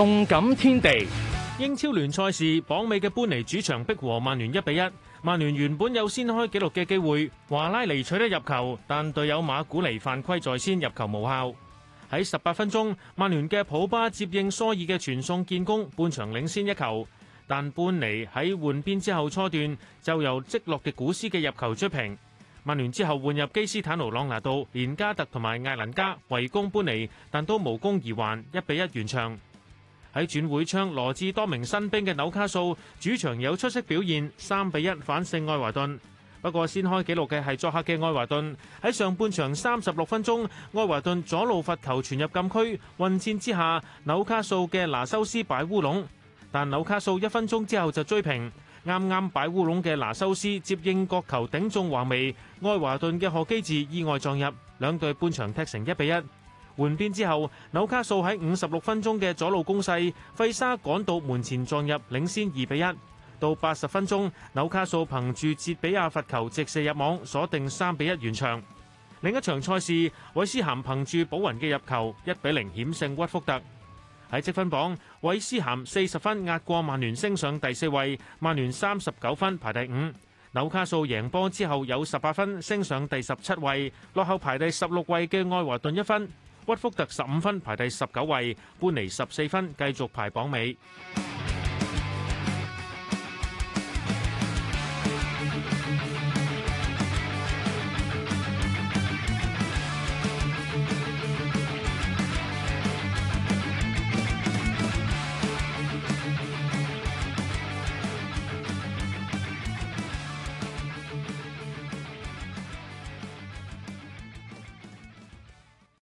動感天地，英超聯賽事，榜尾嘅般尼主場逼和曼聯一比一。曼聯原本有先開紀錄嘅機會，華拉尼取得入球，但隊友馬古尼犯規在先，入球無效。喺十八分鐘，曼聯嘅普巴接應蘇爾嘅傳送建功，半場領先一球。但般尼喺換邊之後初段就由積洛迪古斯嘅入球追平。曼聯之後換入基斯坦奴朗拿度、連加特同埋艾倫加圍攻般尼，但都無功而還，一比一完場。喺轉會窗羅致多名新兵嘅紐卡素主場有出色表現，三比一反勝愛華頓。不過先開紀錄嘅係作客嘅愛華頓。喺上半場三十六分鐘，愛華頓左路罰球傳入禁區，混戰之下紐卡素嘅拿修斯擺烏龍。但紐卡素一分鐘之後就追平。啱啱擺烏龍嘅拿修斯接應角球頂中橫眉，愛華頓嘅賀基治意外撞入，兩隊半場踢成一比一。換邊之後，紐卡素喺五十六分鐘嘅左路攻勢，費沙趕到門前撞入，領先二比一。到八十分鐘，紐卡素憑住捷比亞罰球直射入網，鎖定三比一完場。另一場賽事，韋斯咸憑住保雲嘅入球一比零險勝屈福特。喺積分榜，韋斯咸四十分壓過曼聯，升上第四位。曼聯三十九分排第五。紐卡素贏波之後有十八分，升上第十七位，落後排第十六位嘅愛華頓一分。屈福特十五分排第十九位，般尼十四分，繼續排榜尾。